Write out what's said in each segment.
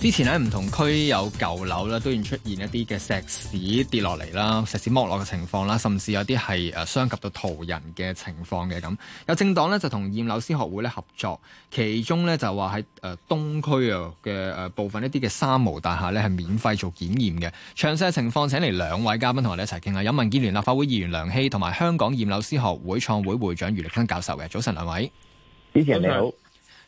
之前咧唔同區有舊樓啦，都現出現一啲嘅石屎跌落嚟啦，石屎剝落嘅情況啦，甚至有啲係傷及到途人嘅情況嘅咁。有政黨呢，就同驗樓師學會咧合作，其中呢，就話喺誒東區啊嘅部分一啲嘅三無大廈呢，係免費做檢驗嘅。詳細情況請嚟兩位嘉賓同我哋一齊傾下。有民建聯立法會議員梁熙同埋香港驗樓師學會創會會長余力生教授嘅。早晨，兩位，主持人你好。嗯。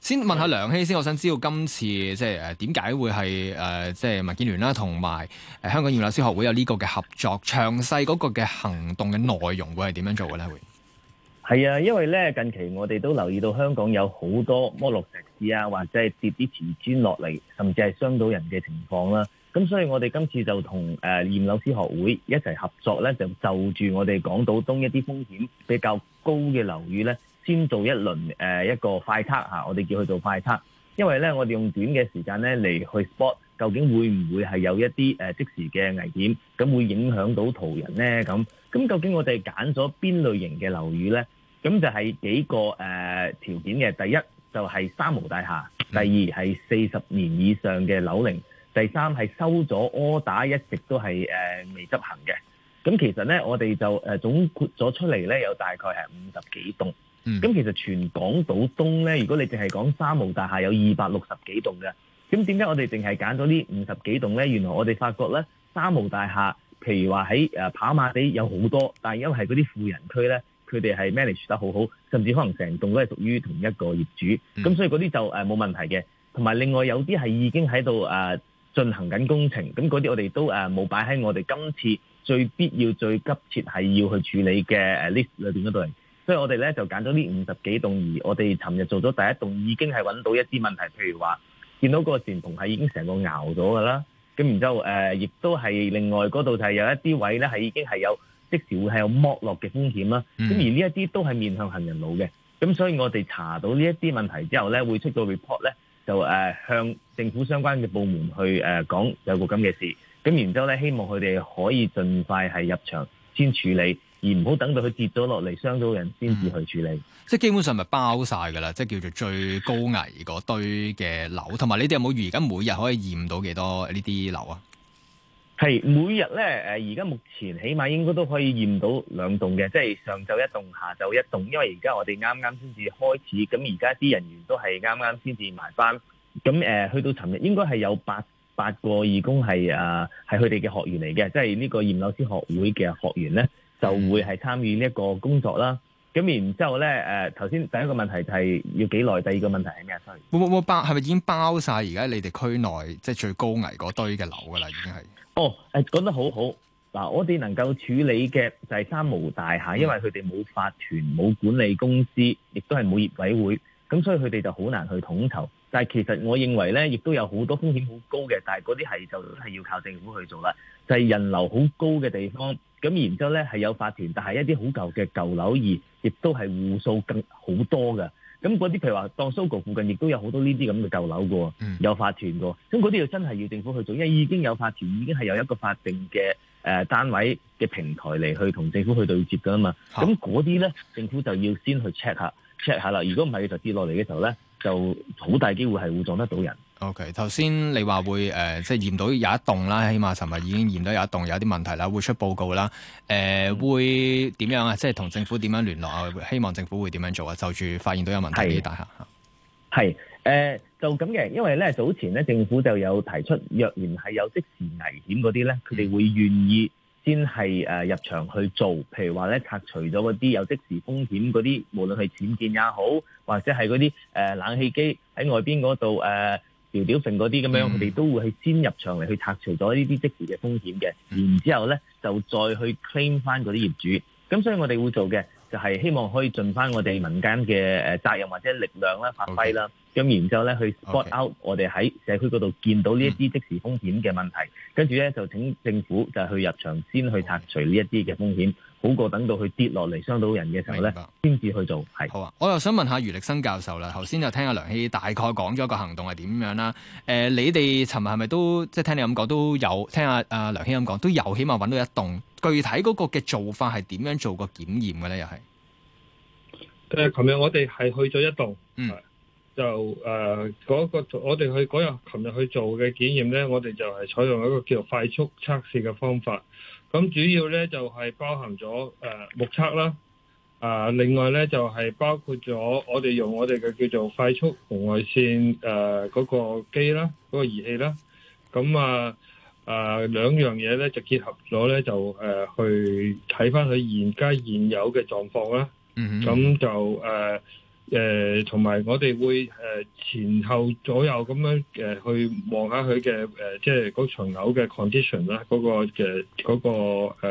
先問下梁熙先，我想知道今次、呃為什麼呃、即係誒點解會係誒即係民建聯啦，同埋誒香港驗樓師學會有呢個嘅合作，詳細嗰個嘅行動嘅內容會係點樣做嘅咧？會係啊，因為咧近期我哋都留意到香港有好多剝落石屎啊，或者跌啲瓷磚落嚟，甚至係傷到人嘅情況啦、啊。咁所以我哋今次就同誒驗樓師學會一齊合作咧，就就住我哋港島東一啲風險比較高嘅樓宇咧。先做一輪誒一個快測，我哋叫佢做快測，因為咧我哋用短嘅時間咧嚟去 spot 究竟會唔會係有一啲即時嘅危險，咁會影響到途人咧？咁咁究竟我哋揀咗邊類型嘅樓宇咧？咁就係幾個誒、呃、條件嘅，第一就係、是、三無大廈，第二係四十年以上嘅樓齡，第三係收咗柯打一直都係、呃、未執行嘅。咁其實咧我哋就誒總括咗出嚟咧有大概係五十幾棟。咁、嗯、其實全港島東咧，如果你淨係講三無大廈有二百六十幾棟嘅，咁點解我哋淨係揀咗呢五十幾棟咧？原來我哋發覺咧，三無大廈，譬如話喺誒跑馬地有好多，但係因為係嗰啲富人區咧，佢哋係 manage 得好好，甚至可能成棟都係屬於同一個業主，咁、嗯、所以嗰啲就誒冇、啊、問題嘅。同埋另外有啲係已經喺度誒進行緊工程，咁嗰啲我哋都誒冇擺喺我哋今次最必要最急切係要去處理嘅誒 list 裏邊嗰度。所以我哋咧就揀咗呢五十幾棟，而我哋尋日做咗第一棟，已經係揾到一啲問題，譬如話見到個纏同係已經成個拗咗㗎啦，咁然之後亦、呃、都係另外嗰度就係有一啲位咧係已經係有即時會係有剝落嘅風險啦。咁而呢一啲都係面向行人路嘅，咁所以我哋查到呢一啲問題之後咧，會出咗 report 咧、呃，就誒向政府相關嘅部門去誒講、呃、有個咁嘅事，咁然之後咧希望佢哋可以盡快係入場先處理。而唔好等到佢跌咗落嚟，傷到人先至去處理，嗯、即係基本上咪包晒噶啦，即係叫做最高危嗰堆嘅樓，同埋 你哋有冇而家每日可以驗到幾多呢啲樓啊？係每日咧，誒而家目前起碼應該都可以驗到兩棟嘅，即係上晝一棟，下晝一棟。因為而家我哋啱啱先至開始，咁而家啲人員都係啱啱先至埋翻，咁誒、呃、去到尋日應該係有八八個義工係啊，係佢哋嘅學員嚟嘅，即係呢個驗樓師學會嘅學員咧。就會係參與呢一個工作啦，咁然之後咧，誒頭先第一個問題就係要幾耐，第二個問題係咩？冇冇冇包，係咪已經包晒？而家你哋區內即係最高危嗰堆嘅樓㗎啦？已經係。哦誒，講得好好。嗱，我哋能夠處理嘅就係三無大廈，嗯、因為佢哋冇法團、冇管理公司，亦都係冇業委會，咁所以佢哋就好難去統籌。但其實我認為咧，亦都有好多風險好高嘅，但嗰啲係就係、是、要靠政府去做啦。就係、是、人流好高嘅地方，咁然之後咧係有法團，但係一啲好舊嘅舊樓而亦都係戶數更好多嘅。咁嗰啲譬如話，當 Sogo 附近亦都有好多呢啲咁嘅舊樓嘅，嗯、有法團嘅。咁嗰啲就真係要政府去做，因為已經有法團，已經係有一個法定嘅誒、呃、單位嘅平台嚟去同政府去對接㗎嘛。咁嗰啲咧，政府就要先去 check 下，check 下啦。如果唔係就跌落嚟嘅時候咧，就好大機會係會撞得到人。OK，頭先你話會誒、呃，即係驗到有一棟啦，起碼尋日已經驗到有一棟有啲問題啦，會出報告啦。誒、呃，會點樣啊？即係同政府點樣聯絡啊？希望政府會點樣做啊？就住發現到有問題啲大廈嚇。係、呃、就咁嘅，因為咧早前咧政府就有提出，若然係有即時危險嗰啲咧，佢哋、嗯、會願意。先係誒、呃、入場去做，譬如話咧拆除咗嗰啲有即時風險嗰啲，無論係僭建也好，或者係嗰啲誒冷氣機喺外邊嗰度誒掉掉剩嗰啲咁樣，佢、呃、哋都會係先入場嚟去拆除咗呢啲即時嘅風險嘅，然之後咧就再去 claim 翻嗰啲業主，咁所以我哋會做嘅。就係希望可以盡翻我哋民間嘅誒責任或者力量啦，發揮啦，咁 Okay. 然之後咧去 spot out Okay. 我哋喺社區嗰度見到呢一啲即時風險嘅問題，跟住咧就請政府就去入場先去拆除呢一啲嘅風險，Okay. 好過等到佢跌落嚟傷到人嘅時候咧，先至白去做。係。好啊，我又想問下余力生教授啦，頭先就聽阿梁熙大概講咗個行動係點樣啦。誒、呃，你哋尋日係咪都即係聽你咁講都有聽阿阿梁熙咁講都有，希望揾到一棟。具體嗰個嘅做法係點樣做個檢驗嘅咧？又係，誒，琴日我哋係去咗一度，嗯，就誒嗰、呃嗰個我哋去嗰日琴日去做嘅檢驗咧，我哋就係採用一個叫做快速測試嘅方法，咁主要咧就係包含咗誒、呃、目測啦，啊、呃，另外咧就係包括咗我哋用我哋嘅叫做快速紅外線誒嗰、呃嗰個機啦，嗰、嗰個儀器啦，咁、呃、啊。啊，兩樣嘢咧就結合咗咧，就誒、呃、去睇翻佢現在現有嘅狀況啦。嗯哼，咁就誒誒，同、呃、埋我哋會誒前後左右咁樣去望下佢嘅即係嗰層樓嘅 condition 啦、那個，嗰、那個嘅、那個個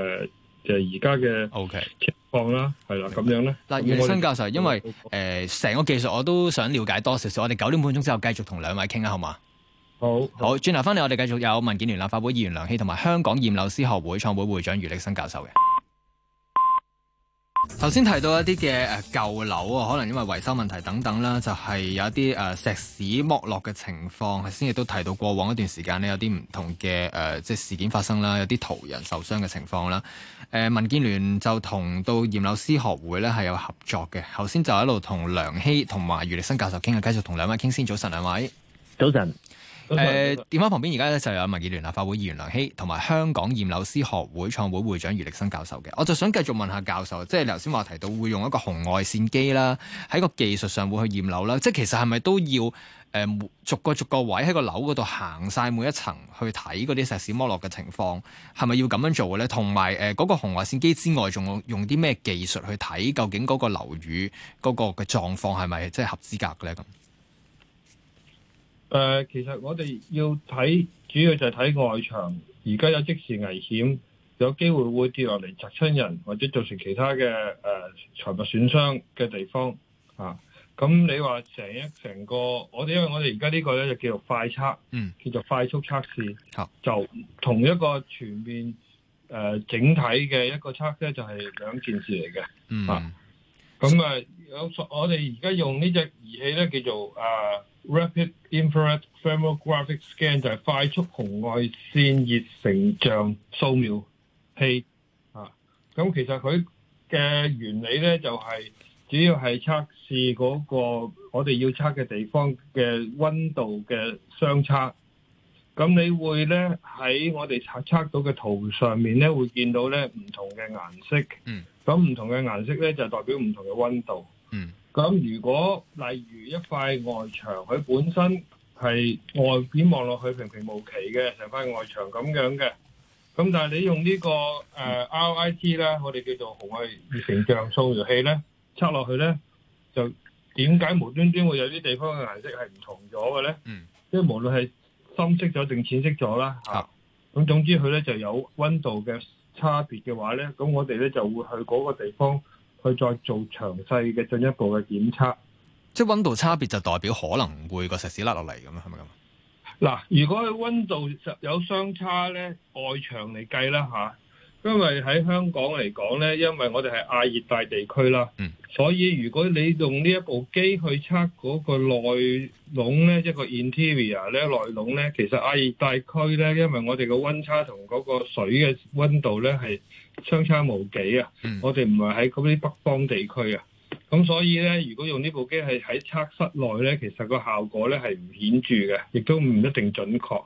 誒嘅而家嘅 O.K. 情況啦，係啦，咁樣咧。嗱白，余生教授，因為誒成、呃、個技術我都想了解多少少、嗯，我哋九點半鐘之後繼續同兩位傾啊，好嘛？好，好，轉頭翻嚟，我哋繼續有民建聯立法會議員梁熙，同埋香港驗樓師學會創會會長余力生教授嘅。頭先提到一啲嘅舊舊樓啊，可能因為維修問題等等啦，就係、是、有一啲誒、呃、石屎剝落嘅情況。先亦都提到過往一段時間呢，有啲唔同嘅誒即係事件發生啦，有啲途人受傷嘅情況啦。誒、呃，民建聯就同到驗樓師學會呢係有合作嘅。頭先就一路同梁熙同埋余力生教授傾啊，繼續同兩位傾先早。兩早晨，兩位，早晨。誒電話旁邊而家咧就有民建聯立法會議員梁熙，同埋香港驗樓師學會創會會長余力生教授嘅。我就想繼續問下教授，即係你頭先話提到會用一個紅外線機啦，喺個技術上會去驗樓啦。即係其實係咪都要誒、呃、逐個逐個位喺個樓嗰度行晒每一層去睇嗰啲石屎剝落嘅情況，係咪要咁樣做咧？同埋誒嗰個紅外線機之外，仲用啲咩技術去睇究竟嗰個樓宇嗰個嘅狀況係咪即係合資格嘅咧？咁？誒、呃，其實我哋要睇，主要就係睇外牆，而家有即時危險，有機會會跌落嚟砸親人或者造成其他嘅誒財物損傷嘅地方啊。咁、嗯、你話成一成個，我哋因為我哋而家呢個咧就叫做快測，快測嗯，叫做快速測試，吓，就同一個全面誒、呃、整體嘅一個測咧就係兩件事嚟嘅，嗯、啊。咁啊，有我哋而家用呢隻儀器咧，叫做啊、uh, rapid infrared thermographic scan 就係快速紅外線熱成像掃描器啊。咁其實佢嘅原理咧，就係、是、主要係測試個個我哋要測嘅地方嘅溫度嘅相差。咁你會咧喺我哋測測到嘅圖上面咧會見到咧唔同嘅顏色，咁唔同嘅顏色咧就代表唔同嘅溫度。咁如果例如一塊外牆，佢本身係外邊望落去平平無奇嘅成塊外牆咁樣嘅，咁但係你用呢個誒 RIT 咧，我哋叫做紅外熱成像掃描器咧，測落去咧就點解無端端會有啲地方嘅顏色係唔同咗嘅咧？即係無論係。深色咗定淺色咗啦，吓咁、啊、總之佢咧就有温度嘅差別嘅話咧，咁我哋咧就會去嗰個地方去再做詳細嘅進一步嘅檢測。即係温度差別就代表可能會個石屎甩落嚟咁啊？係咪咁？嗱，如果佢温度實有相差咧，外牆嚟計啦，吓、啊。因為喺香港嚟講呢，因為我哋係亞熱帶地區啦，嗯、所以如果你用呢一部機去測嗰個內籠呢，一個 interior 咧內籠呢，其實亞熱帶區呢，因為我哋個温差同嗰個水嘅温度呢係相差無幾啊，嗯、我哋唔係喺嗰啲北方地區啊，咁所以呢，如果用呢部機係喺測室內呢，其實個效果呢係唔顯著嘅，亦都唔一定準確，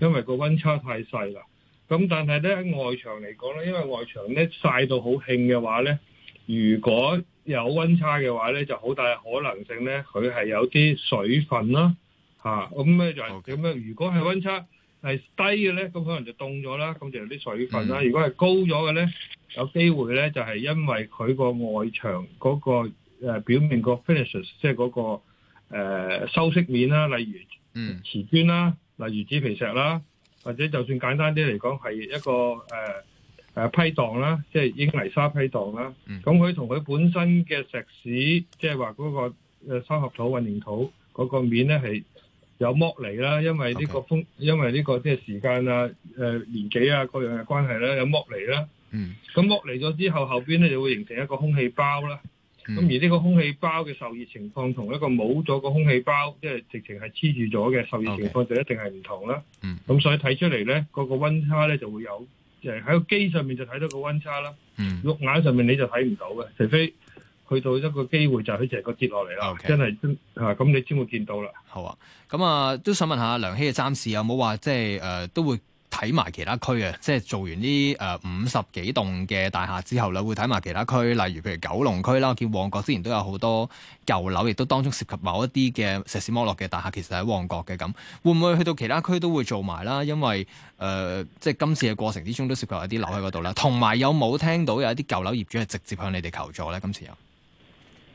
因為個温差太細啦。咁但係咧喺外牆嚟講咧，因為外牆咧曬到好㗱嘅話咧，如果有温差嘅話咧，就好大可能性咧，佢係有啲水分啦，咁咧就咁啊，如果係温差係低嘅咧，咁可能就凍咗啦，咁就有啲水分啦。啊就是、Okay. 如果係、mm hmm. 高咗嘅咧，有機會咧就係、是、因為佢個外牆嗰、那個、呃、表面 fin ition,、那個 finish 即係嗰個收飾面啦，例如嗯瓷磚啦，mm hmm. 例如紫皮石啦。或者就算簡單啲嚟講，係一個誒、呃呃、批盪啦，即係英泥沙批盪啦。咁佢同佢本身嘅石屎，即係話嗰個呃、三合土、混凝土嗰個面咧，係有剝離啦。因為呢個風，Okay. 因為呢個即係時間啊、呃、年紀啊各樣嘅關係咧、啊，有剝離啦。嗯。咁剝離咗之後，後邊咧就會形成一個空氣包啦。咁、嗯、而呢個空氣包嘅受熱情況，同一個冇咗個空氣包，即係直情係黐住咗嘅受熱情況，就一定係唔同啦。咁、嗯、所以睇出嚟咧，嗰、嗰個溫差咧就會有，係喺個機上面就睇到個溫差啦。肉、嗯、眼上面你就睇唔到嘅，除非去到一個機會就係佢成個跌落嚟啦，嗯 okay、真係咁、啊、你先會見到啦。好啊，咁啊都想問下梁熙嘅暫時有冇話即係誒、呃、都會。睇埋其他區啊，即係做完呢誒五十幾棟嘅大廈之後咧，會睇埋其他區，例如譬如九龍區啦，我見旺角之前都有好多舊樓，亦都當中涉及某一啲嘅石屎剝落嘅大廈，其實喺旺角嘅咁，會唔會去到其他區都會做埋啦？因為、呃、即係今次嘅過程之中都涉及一啲樓喺嗰度啦，同埋有冇聽到有一啲舊樓業主係直接向你哋求助咧？今次有？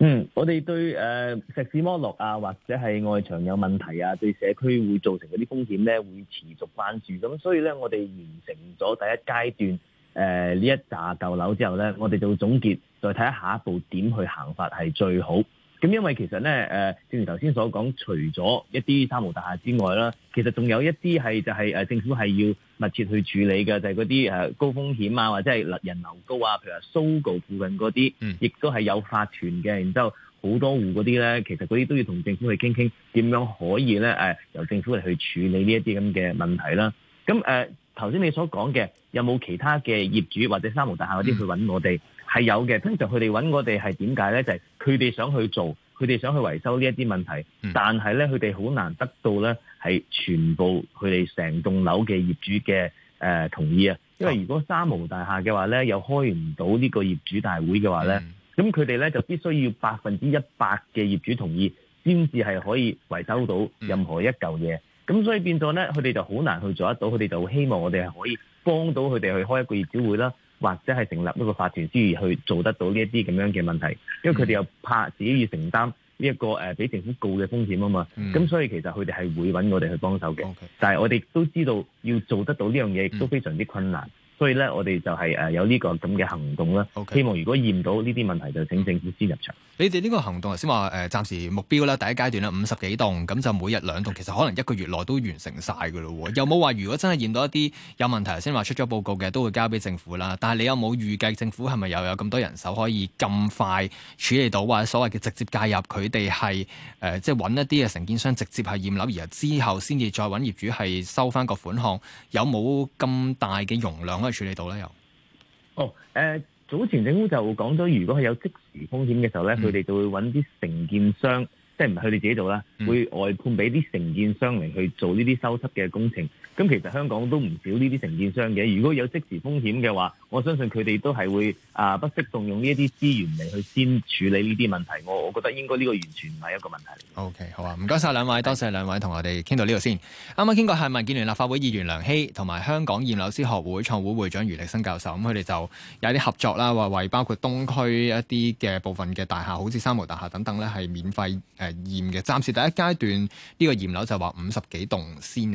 嗯，我哋對誒、呃、石屎剝落啊，或者係外牆有問題啊，對社區會造成嗰啲風險咧，會持續關注。咁所以咧，我哋完成咗第一階段誒呢、呃、一紮舊樓之後咧，我哋就會總結，再睇下下一步點去行法係最好。咁因為其實咧，誒，正如頭先所講，除咗一啲三無大廈之外啦，其實仲有一啲係就係誒政府係要密切去處理嘅，就係嗰啲高風險啊，或者係人流高啊，譬如話，Sogo 附近嗰啲，亦都係有法團嘅，然之後好多戶嗰啲咧，其實嗰啲都要同政府去傾傾點樣可以咧，由政府嚟去處理呢一啲咁嘅問題啦。咁誒，頭先你所講嘅有冇其他嘅業主或者三無大廈嗰啲去揾我哋？嗯係有嘅，通常佢哋揾我哋係點解呢？就係佢哋想去做，佢哋想去維修呢一啲問題，嗯、但係呢，佢哋好難得到呢係全部佢哋成棟樓嘅業主嘅誒、呃、同意啊！因為如果三無大廈嘅話呢，又開唔到呢個業主大會嘅話呢，咁佢哋呢就必須要百分之一百嘅業主同意，先至係可以維修到任何一嚿嘢。咁、嗯、所以變咗呢，佢哋就好難去做得到，佢哋就希望我哋係可以幫到佢哋去開一個業主會啦。或者係成立一個法團之餘去做得到呢一啲咁樣嘅問題，因為佢哋又怕自己要承擔呢一個誒俾政府告嘅風險啊嘛，咁、嗯、所以其實佢哋係會揾我哋去幫手嘅，Okay. 但係我哋都知道要做得到呢樣嘢，都非常之困難。嗯所以咧，我哋就係誒，有呢個咁嘅行動啦。Okay 希望如果驗到呢啲問題，就請政府先入場。你哋呢個行動，頭先話誒，暫時目標啦，第一階段啦，五十幾棟，咁就每日兩棟，其實可能一個月內都完成晒嘅咯喎。又有冇話，如果真係驗到一啲有問題，頭先話出咗報告嘅，都會交俾政府啦。但係你又有冇預計政府係咪又有咁多人手可以咁快處理到，或者所謂嘅直接介入，佢哋係誒，即係揾一啲嘅承建商直接係驗樓，而之後先至再揾業主係收翻個款項，有冇咁大嘅容量處理到咧又，哦，誒、呃，早前政府就講咗，如果係有即時風險嘅時候咧，佢哋就會搵啲承建商。即係唔係佢哋自己做啦，會外判俾啲承建商嚟去做呢啲修葺嘅工程。咁其實香港都唔少呢啲承建商嘅。如果有即時風險嘅話，我相信佢哋都係會啊不惜動用呢一啲資源嚟去先處理呢啲問題。我我覺得應該呢個完全唔係一個問題。OK，好啊，唔該晒兩位，的多謝兩位同我哋傾到呢度先。啱啱傾過係民建聯立法會議員梁熙同埋香港驗樓師學會創會會長余力生教授。咁佢哋就有啲合作啦，話為包括東區一啲嘅部分嘅大廈，好似三無大廈等等咧，係免費誒，驗嘅，暫時第一階段呢個驗樓就話五十幾棟先。